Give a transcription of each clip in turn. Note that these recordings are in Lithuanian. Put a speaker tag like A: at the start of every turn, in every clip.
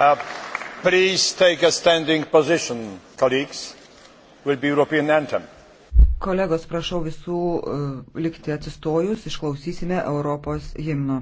A: Uh, please take a standing position, colleagues. Will be European anthem.
B: Kolegos, prašau visų uh, likti atsistojus, išklausysime Europos himno.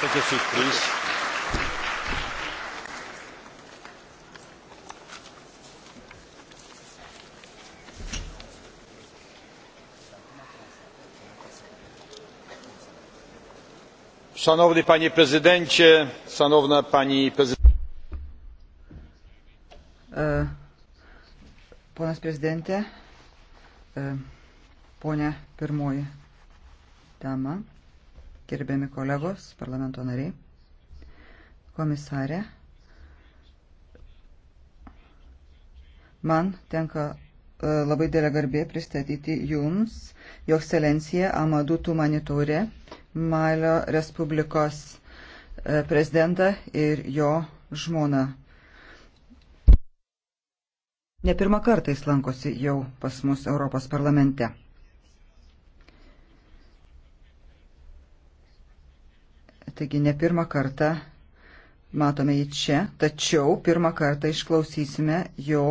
A: processus plus. Szanowny panie prezydencie, szanowna pani prezydent.
B: Uh, ponas prezidente, uh, ponia pirmoji dama gerbiami kolegos, parlamento nariai, komisarė. Man tenka e, labai dėlė garbė pristatyti Jums, Jo ekscelencija Amadu Tumanitūrė, Malio Respublikos e, prezidentą ir jo žmoną. Ne pirmą kartą jis lankosi jau pas mus Europos parlamente. Taigi ne pirmą kartą matome jį čia, tačiau pirmą kartą išklausysime jo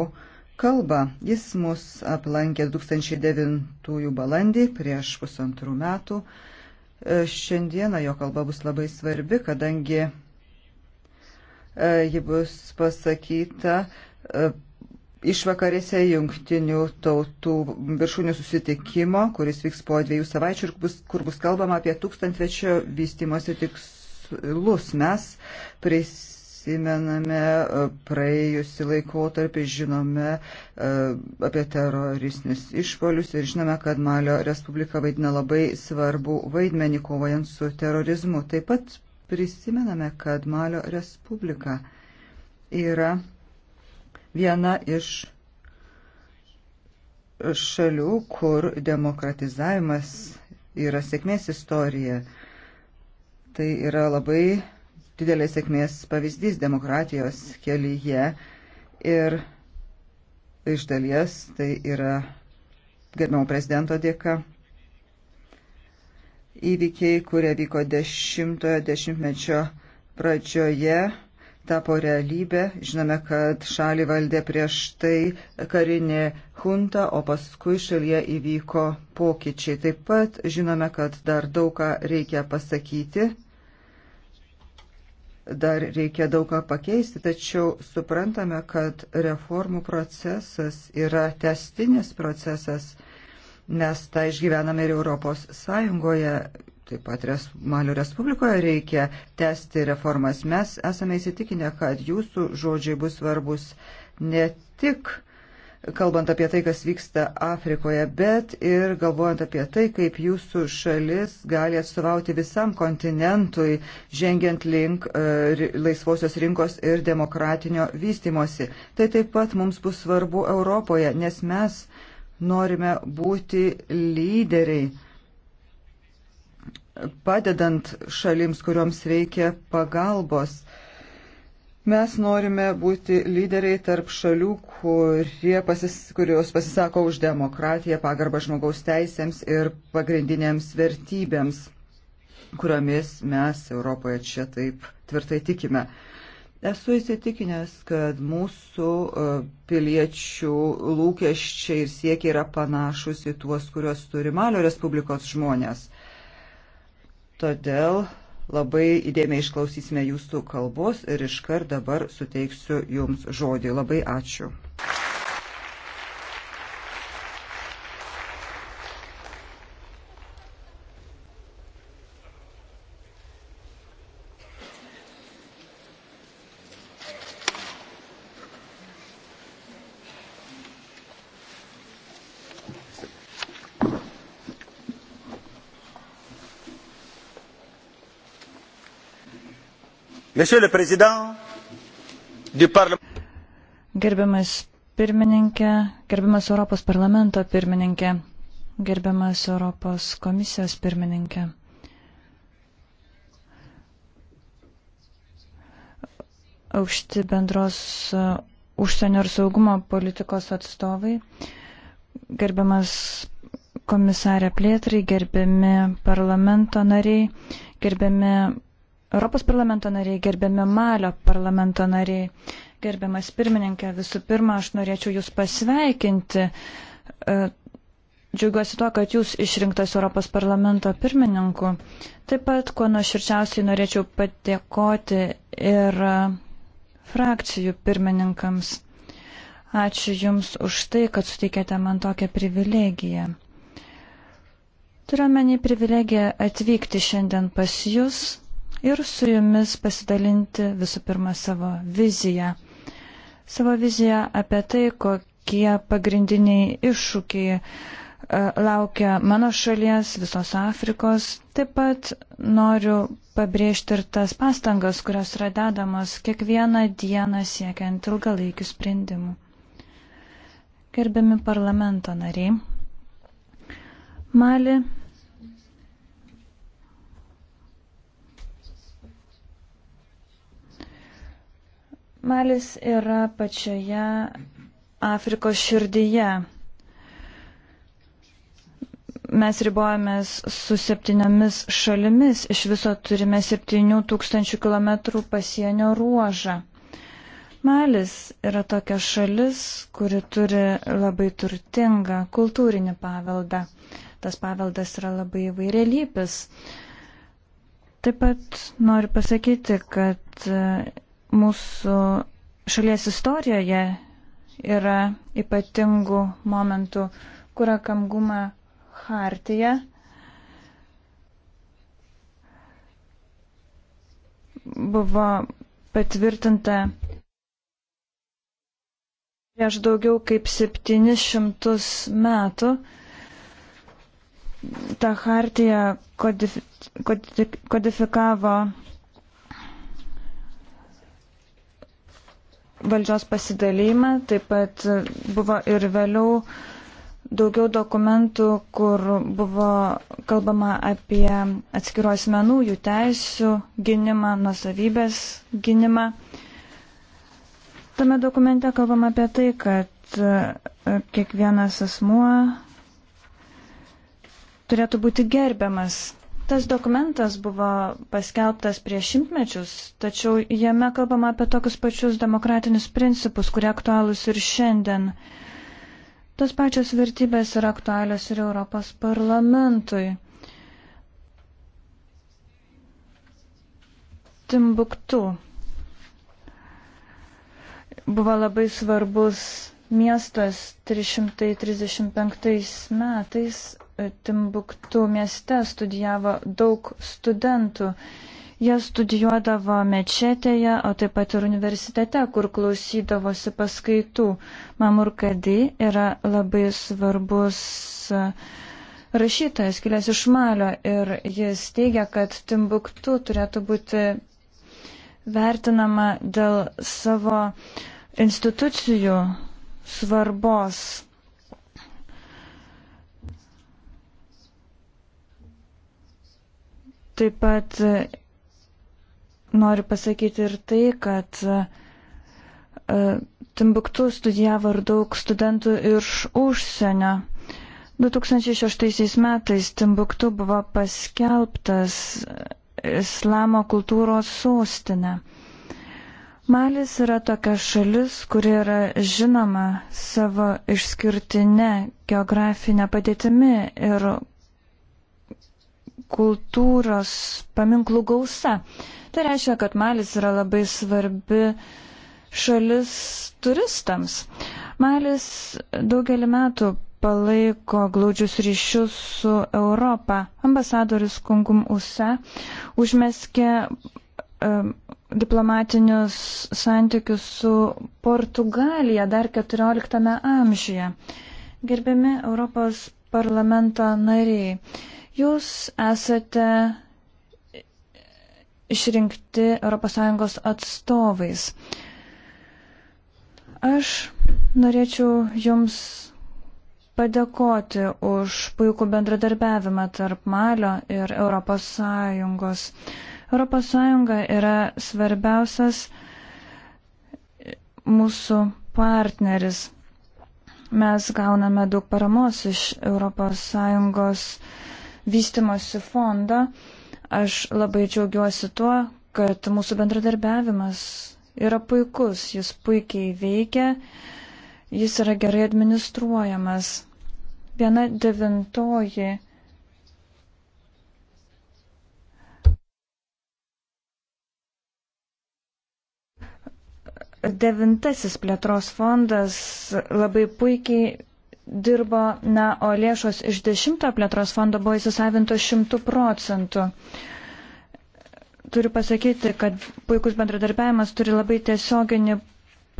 B: kalbą. Jis mus aplankė 2009 balandį prieš pusantrų metų. E, šiandieną jo kalba bus labai svarbi, kadangi e, ji bus pasakyta e, išvakarėse jungtinių tautų viršūnių susitikimo, kuris vyks po dviejų savaičių ir bus, kur bus kalbama apie tūkstantmečio vystimosi tikslus. Mes prisimename e, praėjusi laikotarpį, žinome e, apie teroristinius išpolius ir žinome, kad Malio Respublika vaidina labai svarbu vaidmenį kovojant su terorizmu. Taip pat prisimename, kad Malio Respublika yra viena iš šalių, kur demokratizavimas yra sėkmės istorija. Tai yra labai didelės sėkmės pavyzdys demokratijos kelyje ir iš dalies tai yra gerbiamo prezidento dėka. Įvykiai, kurie vyko dešimtojo dešimtmečio pradžioje, tapo realybė. Žinome, kad šalį valdė prieš tai karinė junta, o paskui šalyje įvyko pokyčiai. Taip pat žinome, kad dar daug ką reikia pasakyti, dar reikia daug ką pakeisti, tačiau suprantame, kad reformų procesas yra testinis procesas. Mes tą išgyvename ir Europos Sąjungoje Taip pat Res, Malio Respublikoje reikia tęsti reformas. Mes esame įsitikinę, kad jūsų žodžiai bus svarbus ne tik kalbant apie tai, kas vyksta Afrikoje, bet ir galvojant apie tai, kaip jūsų šalis gali atstovauti visam kontinentui, žengiant link e, laisvosios rinkos ir demokratinio vystimosi. Tai taip pat mums bus svarbu Europoje, nes mes norime būti lyderiai padedant šalims, kuriuoms reikia pagalbos. Mes norime būti lyderiai tarp šalių, pasis, kurios pasisako už demokratiją, pagarbą žmogaus teisėms ir pagrindinėms vertybėms, kuriomis mes Europoje čia taip tvirtai tikime. Esu įsitikinęs, kad mūsų e, piliečių lūkesčiai ir siekiai yra panašus į tuos, kuriuos turi Malio Respublikos žmonės. Todėl labai įdėmiai išklausysime jūsų kalbos ir iškart dabar suteiksiu jums žodį. Labai ačiū.
A: Gerbiamas pirmininkė, gerbiamas Europos parlamento pirmininkė, gerbiamas Europos komisijos pirmininkė. Aukšti bendros e, užsienio ir saugumo politikos atstovai, gerbiamas komisarė plėtrai, gerbiami parlamento nariai, gerbiami Europos parlamento nariai, gerbiami Malio parlamento nariai, gerbiamas pirmininkė, visų pirma, aš norėčiau Jūs pasveikinti. E, džiaugiuosi tuo, kad Jūs išrinktas Europos parlamento pirmininku. Taip pat, kuo nuoširčiausiai norėčiau padėkoti ir frakcijų pirmininkams. Ačiū Jums už tai, kad suteikėte man tokią privilegiją. Turiuomenį privilegiją atvykti šiandien pas Jūs ir su jumis pasidalinti visų pirma savo viziją. Savo viziją apie tai, kokie pagrindiniai iššūkiai e, laukia mano šalies, visos Afrikos. Taip pat noriu pabrėžti ir tas pastangas, kurios yra dedamos kiekvieną dieną siekiant ilgalaikių sprendimų. Gerbiami parlamento nariai, Mali Malis yra pačioje Afrikos širdyje. Mes ribojamės su septyniomis šalimis, iš viso turime 7000 km pasienio ruožą. Malis yra tokia šalis, kuri turi labai turtingą kultūrinį paveldą. Tas paveldas yra labai įvairialypis. Taip pat noriu pasakyti, kad mūsų šalies istorijoje yra ypatingų momentų, kur akamguma hartija buvo patvirtinta prieš daugiau kaip 700 metų ta hartija kodif kodif kodifikavo valdžios pasidalymą, taip pat buvo ir vėliau daugiau dokumentų, kur buvo kalbama apie atskirų asmenų, jų teisų gynimą, nusavybės gynimą. Tame dokumente kalbama apie tai, kad e, kiekvienas asmuo turėtų būti gerbiamas Tas dokumentas buvo paskelbtas prieš šimtmečius, tačiau jame kalbama apie tokius pačius demokratinius principus, kurie aktualūs ir šiandien. Tos pačios vertybės yra aktualios ir Europos parlamentui. Timbuktu buvo labai svarbus miestas 335 metais Timbuktų mieste studijavo daug studentų. Jie studijuodavo mečetėje, o taip pat ir universitete, kur klausydavosi paskaitų. Mamurkadi yra labai svarbus e, rašytojas, kilęs iš Malio ir jis teigia, kad Timbuktu turėtų būti vertinama dėl savo institucijų svarbos Taip pat e, noriu pasakyti ir tai, kad e, Timbuktu studijavo ir daug studentų iš užsienio. 2006 metais Timbuktu buvo paskelbtas islamo kultūros sostinė. Malis yra tokia šalis, kuri yra žinoma savo išskirtinė geografinė padėtimi ir kultūros paminklų gausa. Tai reiškia, kad Malis yra labai svarbi šalis turistams. Malis daugelį metų palaiko glaudžius ryšius su Europą. Ambasadoris Kungum Use užmeskė um, diplomatinius santykius su Portugalija dar XIV amžiuje. Gerbiami Europos parlamento nariai. Jūs esate išrinkti ES atstovais. Aš norėčiau Jums padėkoti už puikų bendradarbiavimą tarp Malio ir ES. ES yra svarbiausias mūsų partneris. Mes gauname daug paramos iš ES vystimosi fondą. Aš labai džiaugiuosi tuo, kad mūsų bendradarbiavimas yra puikus, jis puikiai veikia, jis yra gerai administruojamas. Viena devintoji. Devintasis plėtros fondas labai puikiai dirbo, na, o lėšos iš dešimto plėtros fondo buvo įsisavintos šimtų procentų. Turiu pasakyti, kad puikus bendradarbiavimas turi labai tiesioginį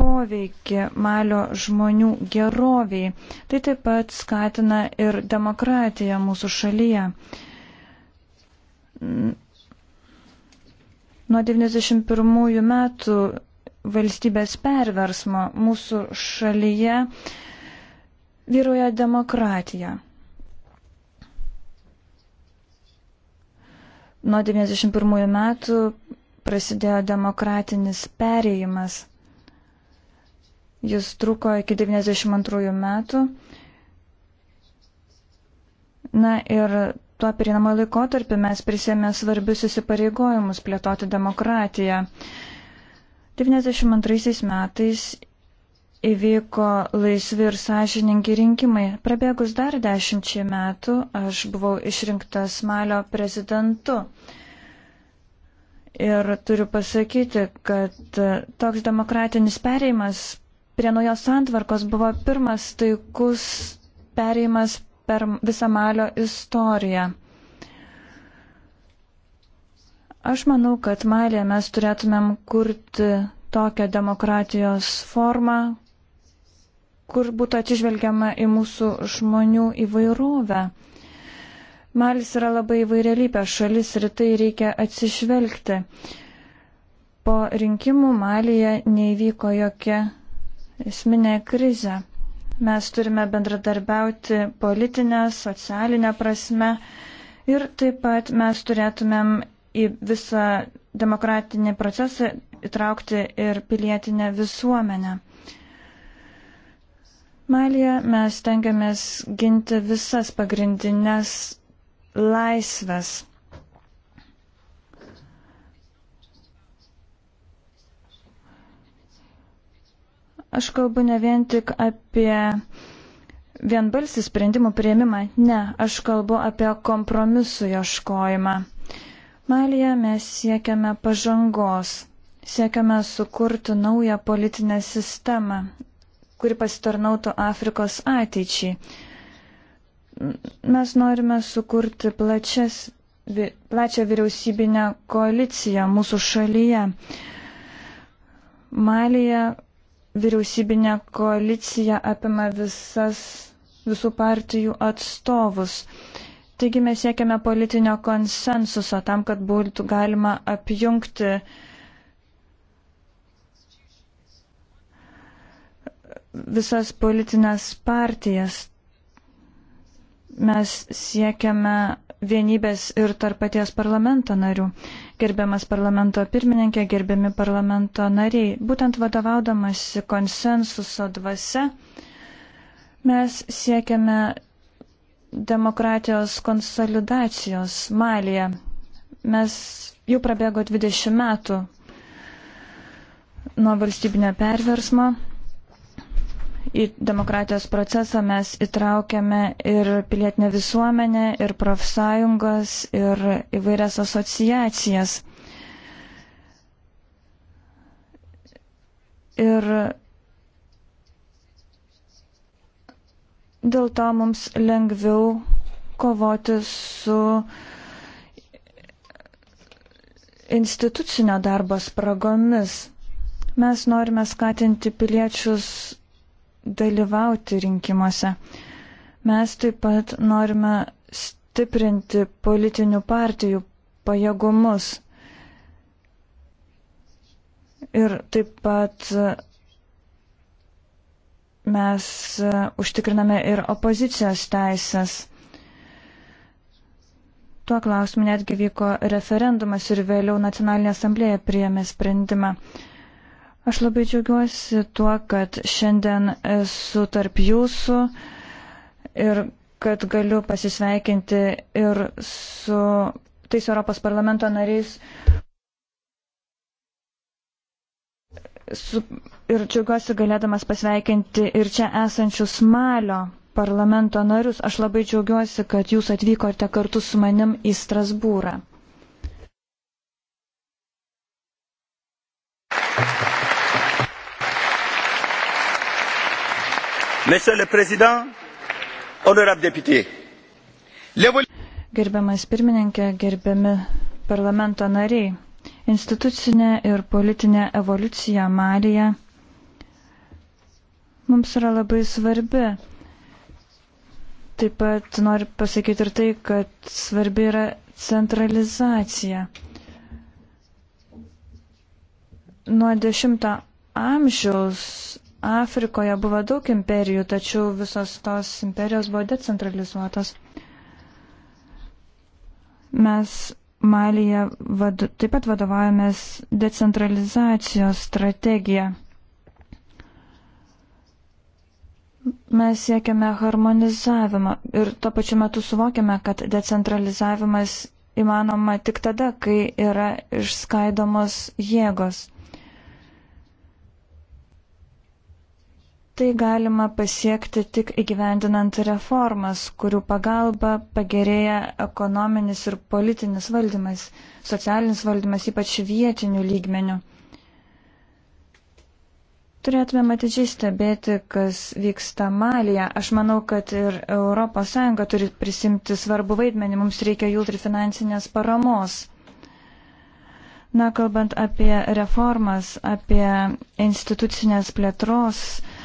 A: poveikį malio žmonių geroviai. Tai taip pat skatina ir demokratiją mūsų šalyje. Nuo 91 metų valstybės perversmo mūsų šalyje uh, vyruoja demokratija. Nuo 91 metų prasidėjo demokratinis perėjimas. Jis truko iki 92 metų. Na ir tuo perinamo laikotarpiu mes prisėmė svarbius įsipareigojimus plėtoti demokratiją. 92 metais įvyko laisvi ir sąžiningi rinkimai. Prabėgus dar dešimčiai metų aš buvau išrinktas Malio prezidentu. Ir turiu pasakyti, kad toks demokratinis pereimas prie naujos santvarkos buvo pirmas taikus pereimas per visą Malio istoriją. Aš manau, kad Malėje mes turėtumėm kurti tokią demokratijos formą, kur būtų atsižvelgiama į mūsų žmonių įvairovę. Malis yra labai įvairialypė šalis ir tai reikia atsižvelgti. Po rinkimų Malyje neįvyko jokia esminė krizė. Mes turime bendradarbiauti politinę, socialinę prasme ir taip pat mes turėtumėm į visą demokratinį procesą įtraukti ir pilietinę visuomenę. Malija mes tengiamės ginti visas pagrindinės laisvės. Aš kalbu ne vien tik apie vienbalsį sprendimų prieimimą, ne, aš kalbu apie kompromisų ieškojimą. Malija mes siekiame pažangos, siekiame sukurti naują politinę sistemą kuri pasitarnautų Afrikos ateičiai. Mes norime sukurti plačias, plačią vyriausybinę koaliciją mūsų šalyje. Malija vyriausybinė koalicija apima visas, visų partijų atstovus. Taigi mes siekiame politinio konsensuso tam, kad būtų galima apjungti uh, visas politinės partijas. Mes siekiame vienybės ir tarp paties parlamento narių. Gerbiamas parlamento pirmininkė, gerbiami parlamento nariai. Būtent vadovaudamasi konsensuso dvasia, mes siekiame demokratijos konsolidacijos Malėje. Mes jau prabėgo 20 metų nuo valstybinio perversmo į demokratijos procesą mes įtraukiame ir pilietinę visuomenę, ir profsąjungas, ir įvairias asociacijas. Ir dėl to mums lengviau kovoti su institucinio darbo spragomis. Mes norime skatinti piliečius dalyvauti rinkimuose. Mes taip pat norime stiprinti politinių partijų pajėgumus ir taip pat mes užtikriname ir opozicijos teisės. Tuo klausimu netgi vyko referendumas ir vėliau Nacionalinė asamblėja priėmė sprendimą. Aš labai džiaugiuosi tuo, kad šiandien esu tarp jūsų ir kad galiu pasisveikinti ir su tais Europos parlamento nariais. Su, ir džiaugiuosi galėdamas pasveikinti ir čia esančius Malio parlamento narius. Aš labai džiaugiuosi, kad jūs atvykote kartu su manim į Strasbūrą.
B: Monsieur le Président, honorable député.
A: Gerbiamas pirmininkė, gerbiami parlamento nariai, institucinė ir politinė evoliucija Malija mums yra labai svarbi. Taip pat noriu pasakyti ir tai, kad svarbi yra centralizacija. Nuo 10 amžiaus Afrikoje buvo daug imperijų, tačiau visos tos imperijos buvo decentralizuotos. Mes Malyje vadu, taip pat vadovaujamės decentralizacijos strategiją. Mes siekiame harmonizavimą ir tuo pačiu metu suvokiame, kad decentralizavimas įmanoma tik tada, kai yra išskaidomos jėgos. tai galima pasiekti tik įgyvendinant reformas, kurių pagalba pagerėja ekonominis ir politinis valdymas, socialinis valdymas, ypač vietinių lygmenių. Turėtume atidžiai stebėti, kas vyksta Malyje. Aš manau, kad ir ES turi prisimti svarbu vaidmenį, mums reikia jų ir finansinės paramos. Na, kalbant apie reformas, apie institucinės plėtros, uh,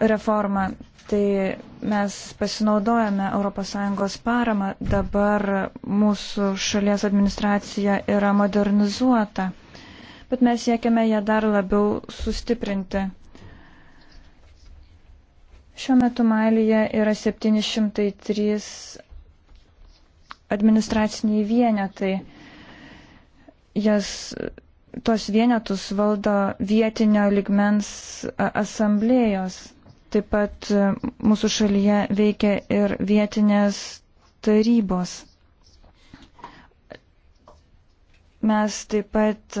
A: reformą. Tai mes pasinaudojame ES paramą, dabar mūsų šalies administracija yra modernizuota, bet mes siekiame ją dar labiau sustiprinti. Šiuo metu Malyje yra 703 administraciniai vienetai. Jas, tuos vienetus valdo vietinio ligmens asamblėjos Taip pat e, mūsų šalyje veikia ir vietinės tarybos. Mes taip pat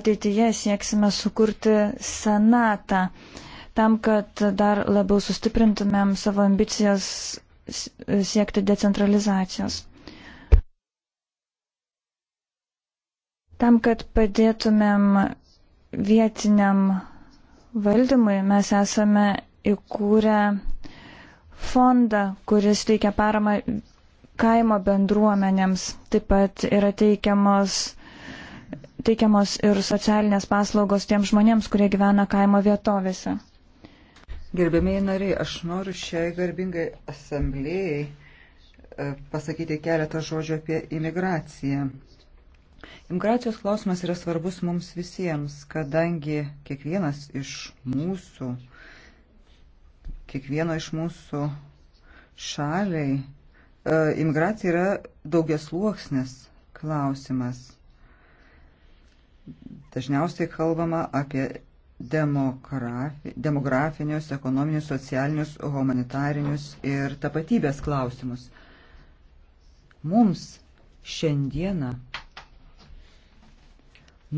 A: ateityje sieksime sukurti senatą tam, kad dar labiau sustiprintumėm savo ambicijas siekti decentralizacijos. Tam, kad padėtumėm vietiniam valdymui, mes esame įkūrė fondą, kuris teikia paramą kaimo bendruomenėms. Taip pat yra teikiamos, teikiamos ir socialinės paslaugos tiems žmonėms, kurie gyvena kaimo vietovėse.
B: Gerbėmiai nariai, aš noriu šiai garbingai asamblėjai e, pasakyti keletą žodžių apie imigraciją. Imigracijos klausimas yra svarbus mums visiems, kadangi kiekvienas iš mūsų kiekvieno iš mūsų šaliai, e, imigracija yra daugias luoksnis klausimas. Dažniausiai kalbama apie demografi, demografinius, ekonominius, socialinius, humanitarinius ir tapatybės klausimus. Mums šiandieną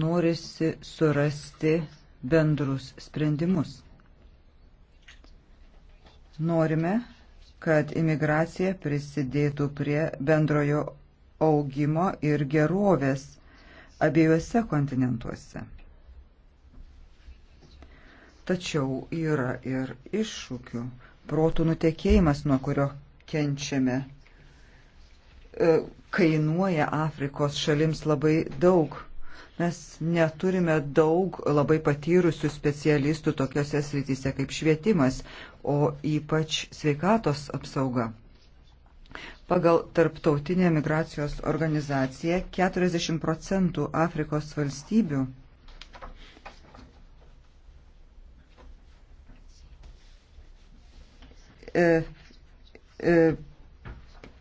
B: norisi surasti bendrus sprendimus. Norime, kad imigracija prisidėtų prie bendrojo augimo ir gerovės abiejuose kontinentuose. Tačiau yra ir iššūkių. Protų nutekėjimas, nuo kurio kenčiame, e, kainuoja Afrikos šalims labai daug Mes neturime daug labai patyrusių specialistų tokiuose srityse kaip švietimas, o ypač sveikatos apsauga. Pagal Tarptautinę migracijos organizaciją 40 procentų Afrikos valstybių e, e,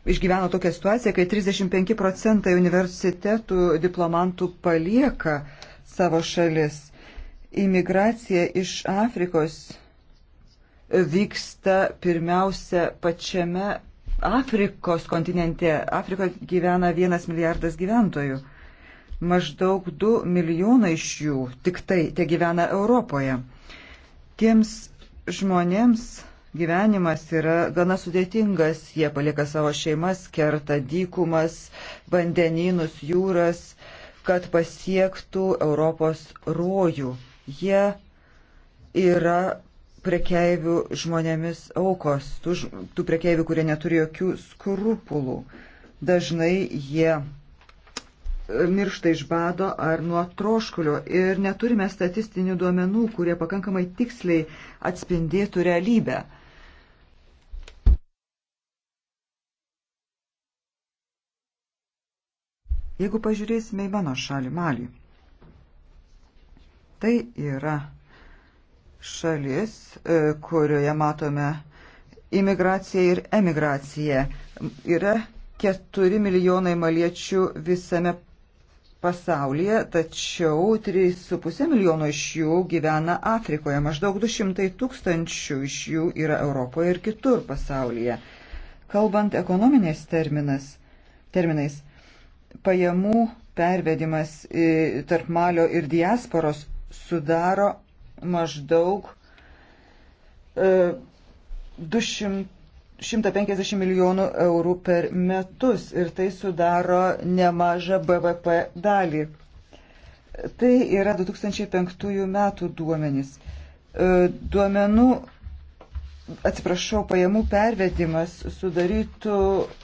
B: išgyveno tokią situaciją, kai 35 procentai universitetų diplomantų palieka savo šalis. Imigracija iš Afrikos vyksta pirmiausia pačiame Afrikos kontinente. Afrikoje gyvena vienas milijardas gyventojų. Maždaug 2 milijonai iš jų tik tai te gyvena Europoje. Tiems žmonėms gyvenimas yra gana sudėtingas, jie palieka savo šeimas, kerta dykumas, vandenynus, jūras, kad pasiektų Europos rojų. Jie yra prekeivių žmonėmis aukos, tų, tų prekeivių, kurie neturi jokių skrupulų. Dažnai jie e, miršta iš bado ar nuo troškulio ir neturime statistinių duomenų, kurie pakankamai tiksliai atspindėtų realybę. Jeigu pažiūrėsime į mano šalį Malį, tai yra šalis, e, kurioje matome imigraciją ir emigraciją. Yra 4 milijonai maliečių visame pasaulyje, tačiau 3,5 milijono iš jų gyvena Afrikoje, maždaug 200 tūkstančių iš jų yra Europoje ir kitur pasaulyje. Kalbant ekonominės terminas, terminais, pajamų pervedimas tarp Malio ir diasporos sudaro maždaug 200, e, 150 milijonų eurų per metus ir tai sudaro nemažą BVP dalį. Tai yra 2005 metų duomenys. E, duomenų atsiprašau, pajamų pervedimas sudarytų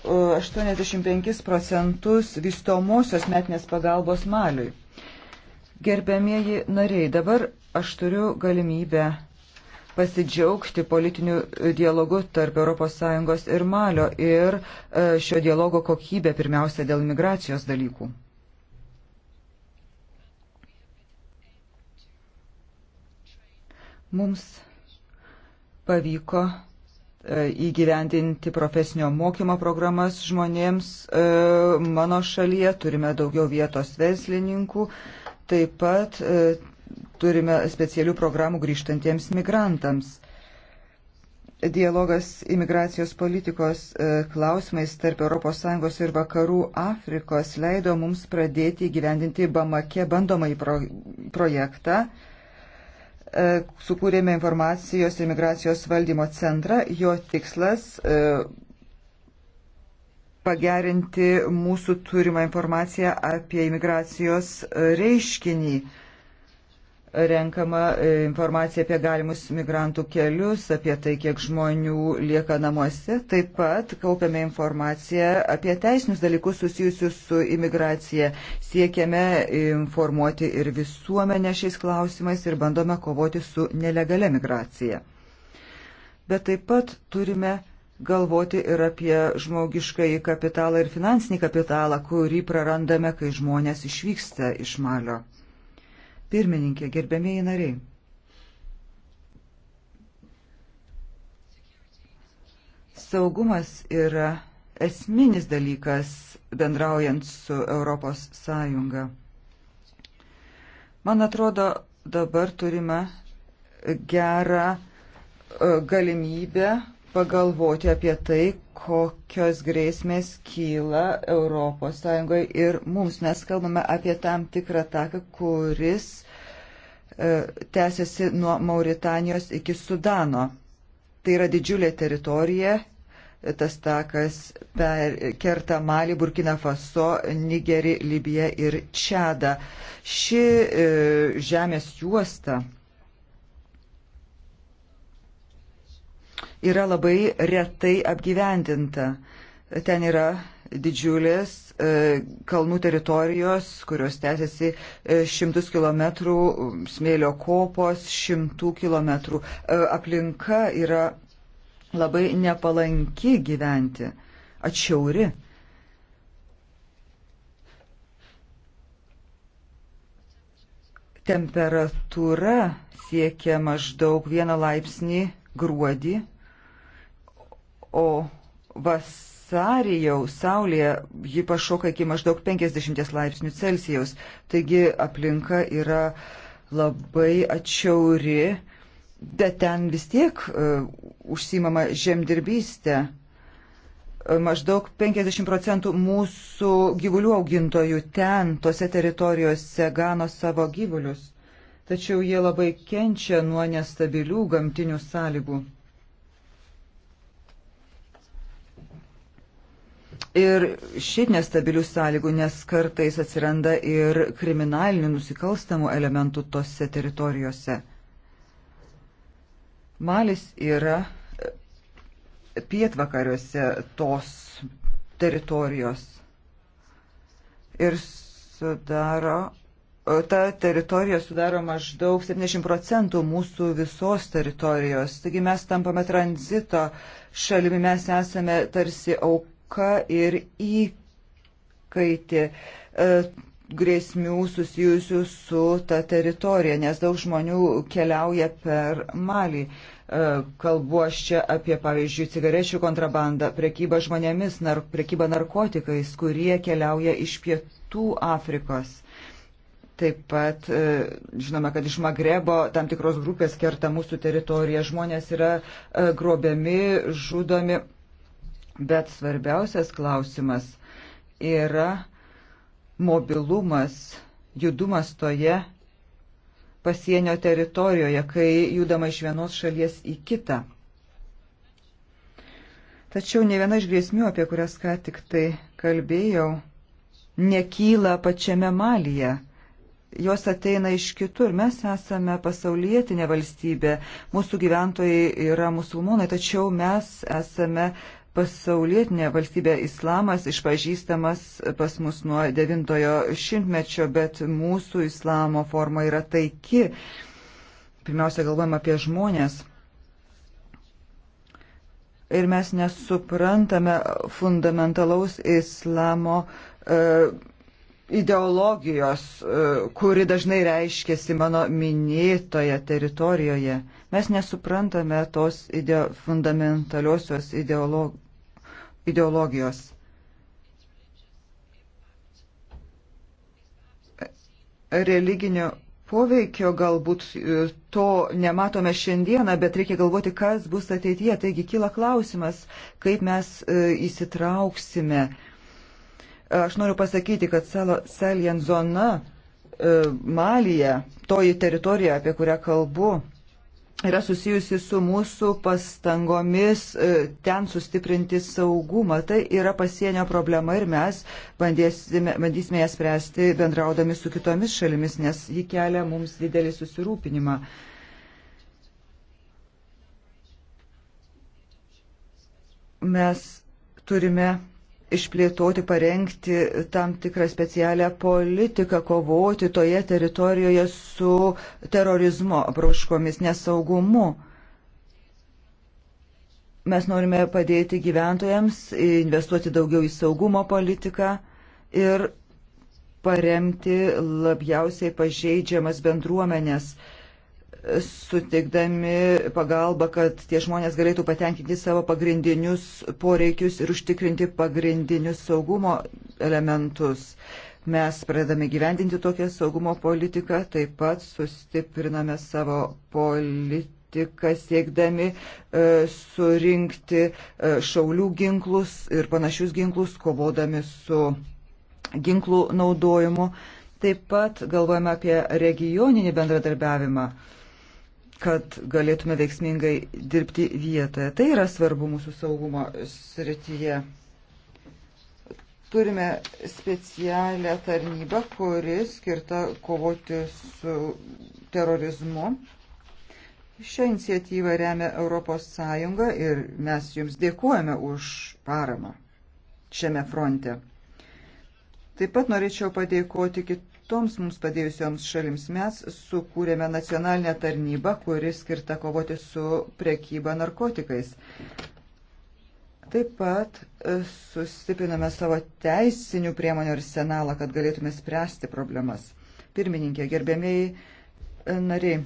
B: 85 e, procentus vystomosios metinės pagalbos maliui. Gerbėmieji nariai, dabar aš turiu galimybę pasidžiaugti politiniu dialogu tarp ES ir Malio ir e, šio dialogo kokybė pirmiausia dėl migracijos dalykų. Mums pavyko e, įgyvendinti profesinio mokymo programas žmonėms e, mano šalyje, turime daugiau vietos verslininkų, taip pat e, turime specialių programų grįžtantiems migrantams. Dialogas imigracijos politikos klausimais tarp ES ir Vakarų Afrikos leido mums pradėti įgyvendinti Bamake bandomąjį projektą E, sukūrėme informacijos ir migracijos valdymo centrą. Jo tikslas e, pagerinti mūsų turimą informaciją apie imigracijos reiškinį renkama e, informacija apie galimus migrantų kelius, apie tai, kiek žmonių lieka namuose. Taip pat kaupiame informaciją apie teisinius dalykus susijusius su imigracija. Siekiame informuoti ir visuomenę šiais klausimais ir bandome kovoti su nelegale migracija. Bet taip pat turime galvoti ir apie žmogiškąjį kapitalą ir finansinį kapitalą, kurį prarandame, kai žmonės išvyksta iš Malio. Pirmininkė, gerbėmėjai nariai. Saugumas yra esminis dalykas bendraujant su Europos Sąjunga. Man atrodo, dabar turime gerą e, galimybę pagalvoti apie tai, kokios grėsmės kyla ES ir mums. Mes kalbame apie tam tikrą taką, kuris e, tęsiasi nuo Mauritanijos iki Sudano. Tai yra didžiulė teritorija, tas takas per, kerta Malį, Burkina Faso, Nigerį, Libiją ir Čadą. Ši e, žemės juosta yra labai retai apgyvendinta. Ten yra didžiulės e, kalnų teritorijos, kurios tęsiasi e, šimtus kilometrų, smėlio kopos šimtų kilometrų. E, aplinka yra labai nepalanki gyventi, atšiauri. Temperatūra siekia maždaug vieną laipsnį gruodį o vasarį jau saulėje ji pašoka iki maždaug 50 laipsnių Celsijaus. Taigi aplinka yra labai atšiauri, bet ten vis tiek uh, užsimama žemdirbystė. E, maždaug 50 procentų mūsų gyvulių augintojų ten, tose teritorijose, gano savo gyvulius tačiau jie labai kenčia nuo nestabilių gamtinių sąlygų. ir šiaip nestabilių sąlygų, nes kartais atsiranda ir kriminalinių nusikalstamų elementų tose teritorijose. Malis yra e, pietvakariuose tos teritorijos ir sudaro e, ta teritorija sudaro maždaug 70 procentų mūsų visos teritorijos. Taigi mes tampame tranzito šalimi, mes esame tarsi auka auka ir įkaitė e, grėsmių susijusių su ta teritorija, nes daug žmonių keliauja per Malį. E, kalbu aš čia apie, pavyzdžiui, cigarečių kontrabandą, prekybą žmonėmis, nar, prekybą narkotikais, kurie keliauja iš pietų Afrikos. Taip pat e, žinome, kad iš Magrebo tam tikros grupės kerta mūsų teritoriją, žmonės yra grobiami, žudomi Bet svarbiausias klausimas yra mobilumas, judumas toje pasienio teritorijoje, kai judama iš vienos šalies į kitą. Tačiau ne viena iš grėsmių, apie kurias ką tik tai kalbėjau, nekyla pačiame Malyje. Jos ateina iš kitur. Mes esame pasaulietinė valstybė, mūsų gyventojai yra musulmonai, tačiau mes esame pasaulietinė valstybė islamas išpažįstamas pas mus nuo 9-ojo šimtmečio, bet mūsų islamo forma yra taiki. Pirmiausia, galvojam apie žmonės. Ir mes nesuprantame fundamentalaus islamo e, ideologijos, e, kuri dažnai reiškėsi mano minėtoje teritorijoje. Mes nesuprantame tos ide fundamentaliosios ideologijos ideologijos. Religinio poveikio galbūt e, to nematome šiandieną, bet reikia galvoti, kas bus ateityje. Taigi kyla klausimas, kaip mes e, įsitrauksime. Aš noriu pasakyti, kad Selien zona e, Malyje, toji teritorija, apie kurią kalbu, yra susijusi su mūsų pastangomis e, ten sustiprinti saugumą. Tai yra pasienio problema ir mes bandėsime, bandysime ją spręsti bendraudami su kitomis šalimis, nes ji kelia mums didelį susirūpinimą. Mes turime išplėtoti, parengti tam tikrą specialią politiką, kovoti toje teritorijoje su terorizmo apraškomis nesaugumu. Mes norime padėti gyventojams, investuoti daugiau į saugumo politiką ir paremti labiausiai pažeidžiamas bendruomenės sutikdami pagalbą, kad tie žmonės galėtų patenkinti savo pagrindinius poreikius ir užtikrinti pagrindinius saugumo elementus. Mes pradedame gyvendinti tokią saugumo politiką, taip pat sustipriname savo politiką siekdami e, surinkti e, šaulių ginklus ir panašius ginklus, kovodami su ginklų naudojimu. Taip pat galvojame apie regioninį bendradarbiavimą. E, kad galėtume veiksmingai dirbti vietoje. Tai yra svarbu mūsų saugumo srityje. Turime specialią tarnybą, kuri skirta kovoti su terorizmu. Šią iniciatyvą remia Europos Sąjunga ir mes jums dėkojame už paramą šiame fronte. Taip pat norėčiau padėkoti kitų toms mums padėjusioms šalims mes sukūrėme nacionalinę tarnybą, kuri skirta kovoti su prekyba narkotikais. Taip pat e, sustipriname savo teisinių priemonių arsenalą, kad galėtume spręsti problemas. Pirmininkė, gerbėmiai e, nariai.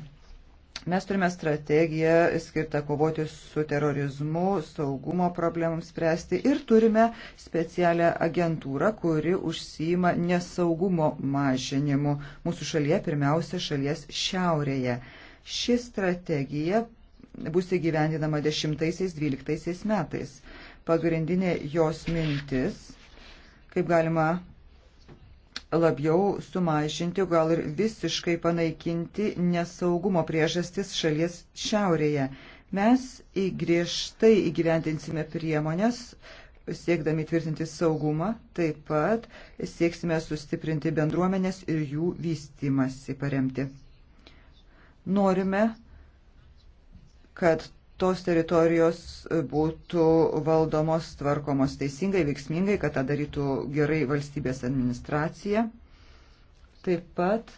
B: Mes turime strategiją skirtą kovoti su terorizmu, saugumo problemams spręsti ir turime specialią agentūrą, kuri užsima nesaugumo mažinimu mūsų šalyje, pirmiausia, šalies šiaurėje. Ši strategija bus įgyvendinama 10-12 metais. Pagrindinė jos mintis, kaip galima labiau sumažinti, gal ir visiškai panaikinti nesaugumo priežastis šalies šiaurėje. Mes griežtai įgyventinsime priemonės, siekdami tvirtinti saugumą, taip pat sieksime sustiprinti bendruomenės ir jų vystimasi paremti. Norime, kad tos teritorijos būtų valdomos, tvarkomos teisingai, veiksmingai, kad tą darytų gerai valstybės administracija. Taip pat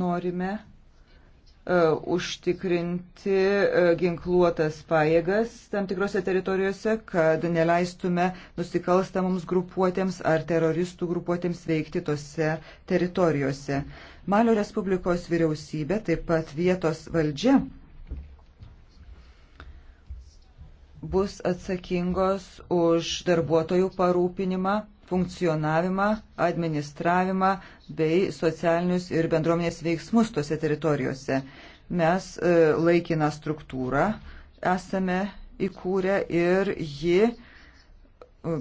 B: norime uh, užtikrinti uh, ginkluotas pajėgas tam tikrose teritorijose, kad neleistume nusikalstamoms grupuotėms ar teroristų grupuotėms veikti tose teritorijose. Malio Respublikos vyriausybė, taip pat vietos valdžia bus atsakingos už darbuotojų parūpinimą, funkcionavimą, administravimą bei socialinius ir bendruomenės veiksmus tose teritorijose. Mes e, laikiną struktūrą esame įkūrę ir ji e,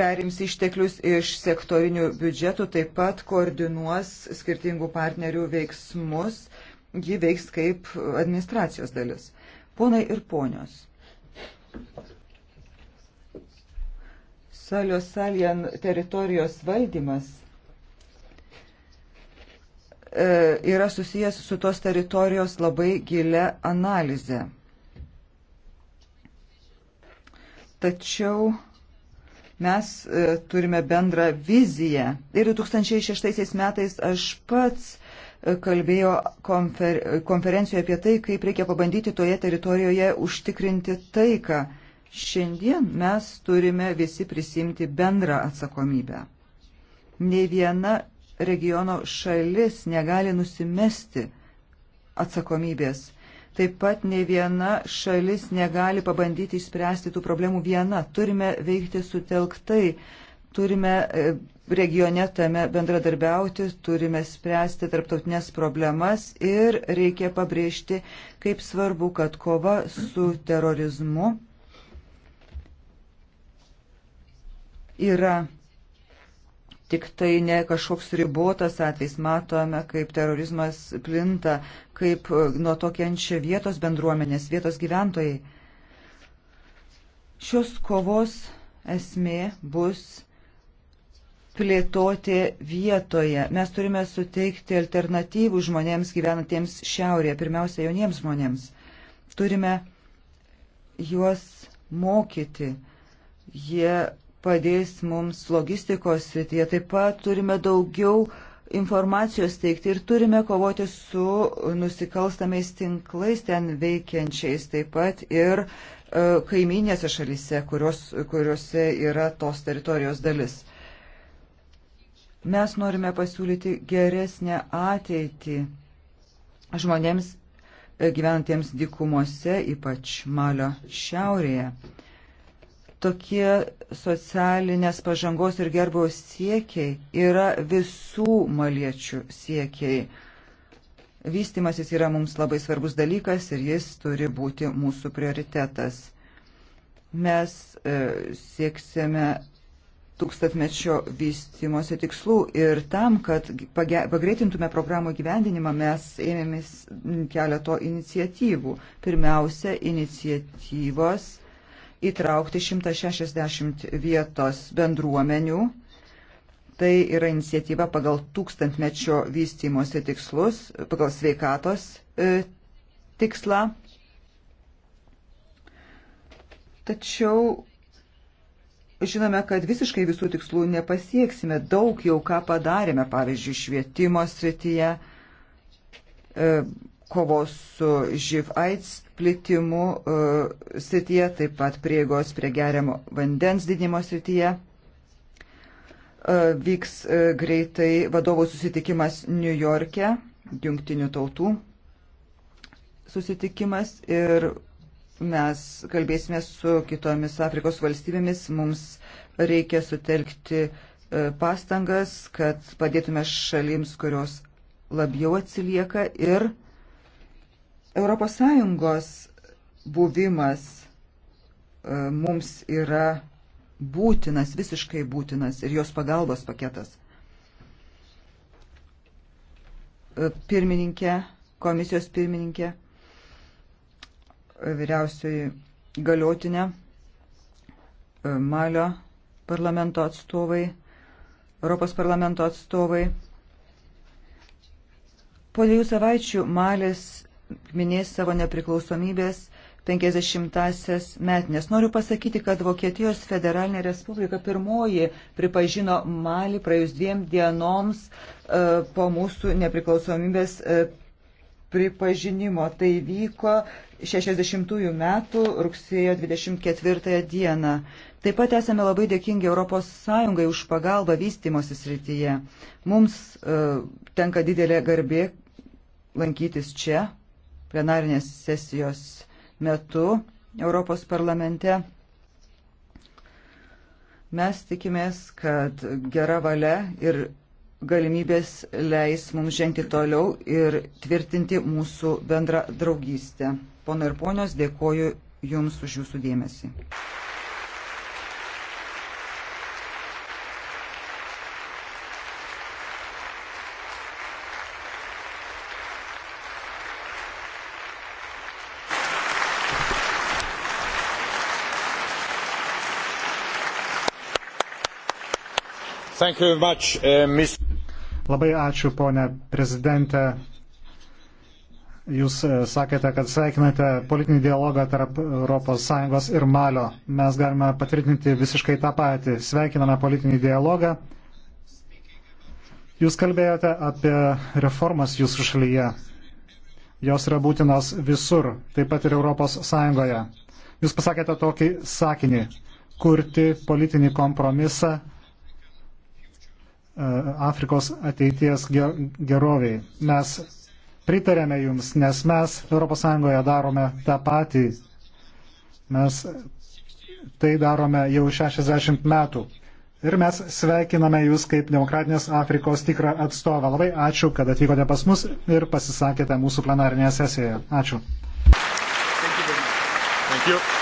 B: perims išteklius iš sektorinių biudžetų, taip pat koordinuos skirtingų partnerių veiksmus, ji veiks kaip administracijos dalis. Ponai ir ponios. Salios salien teritorijos valdymas e, yra susijęs su tos teritorijos labai gilia analize. Tačiau mes e, turime bendrą viziją. Ir 2006 metais aš pats kalbėjo konfer, konferencijoje apie tai, kaip reikia pabandyti toje teritorijoje užtikrinti taiką. Šiandien mes turime visi prisimti bendrą atsakomybę. Nei viena regiono šalis negali nusimesti atsakomybės. Taip pat nei viena šalis negali pabandyti išspręsti tų problemų viena. Turime veikti sutelktai, turime e, regione tame bendradarbiauti, turime spręsti tarptautinės problemas ir reikia pabrėžti, kaip svarbu, kad kova su terorizmu yra tik tai ne kažkoks ribotas atvejs. Matome, kaip terorizmas plinta, kaip e, nuo to kenčia vietos bendruomenės, vietos gyventojai. Šios kovos esmė bus plėtoti vietoje. Mes turime suteikti alternatyvų žmonėms gyvenantiems šiaurėje, pirmiausia jauniems žmonėms. Turime juos mokyti. Jie padės mums logistikos srityje. Taip pat turime daugiau informacijos teikti ir turime kovoti su nusikalstamais tinklais ten veikiančiais. Taip pat ir e, kaiminėse šalyse, kurios, kuriuose yra tos teritorijos dalis. Mes norime pasiūlyti geresnę ateitį žmonėms e, gyventiems dykumose, ypač Malio šiaurėje. Tokie socialinės pažangos ir gerbaus siekiai yra visų maliečių siekiai. Vystimasis yra mums labai svarbus dalykas ir jis turi būti mūsų prioritetas. Mes e, sieksime tūkstantmečio vystimosi tikslų ir tam, kad pagreitintume programų gyvendinimą, mes ėmėmės keleto iniciatyvų. Pirmiausia, iniciatyvos įtraukti 160 vietos bendruomenių. Tai yra iniciatyva pagal tūkstantmečio vystimosi tikslus, pagal sveikatos e, tikslą. Tačiau žinome, kad visiškai visų tikslų nepasieksime. Daug jau ką padarėme, pavyzdžiui, švietimo srityje, e, kovos su živ AIDS plitimu e, srityje, taip pat prieigos prie geriamo vandens didinimo srityje. E, vyks greitai vadovų susitikimas New York'e, jungtinių tautų susitikimas ir mes kalbėsime su kitomis Afrikos valstybėmis, mums reikia sutelkti e, pastangas, kad padėtume šalims, kurios labiau atsilieka ir ES buvimas e, mums yra būtinas, visiškai būtinas ir jos pagalbos paketas. E, pirmininkė, komisijos pirmininkė vyriausioji galiotinė, e, Malio parlamento atstovai, Europos parlamento atstovai. Po dviejų savaičių Malis minės savo nepriklausomybės 50-asias metinės. Noriu pasakyti, kad Vokietijos federalinė respublika pirmoji pripažino Malį praėjus dviem dienoms e, po mūsų nepriklausomybės e, pripažinimo. Tai vyko 60-ųjų metų rugsėjo 24 dieną. Taip pat esame labai dėkingi ES už pagalbą vystimosi srityje. Mums uh, tenka didelė garbė lankytis čia, plenarinės sesijos metu Europos parlamente. Mes tikimės, kad gera valia ir galimybės leis mums žengti toliau ir tvirtinti mūsų bendrą draugystę. Pono ir ponios, dėkoju Jums už Jūsų dėmesį.
A: Much, uh,
B: Labai ačiū, ponė prezidentė. Jūs uh, sakėte, kad sveikinate politinį dialogą tarp ES ir Malio. Mes galime patvirtinti visiškai tą patį. Sveikiname politinį dialogą. Jūs kalbėjote apie reformas jūsų šalyje. Jos yra būtinos visur, taip pat ir ES. Jūs pasakėte tokį sakinį - kurti politinį kompromisą E, Afrikos ateities geroviai. Mes pritarėme jums, nes mes ES darome tą patį. Mes tai darome jau 60 metų. Ir mes sveikiname jūs kaip Demokratinės Afrikos tikrą atstovą. Labai ačiū, kad atvykote pas mus ir pasisakėte mūsų plenarinėje sesijoje. Ačiū. Thank you. Thank you.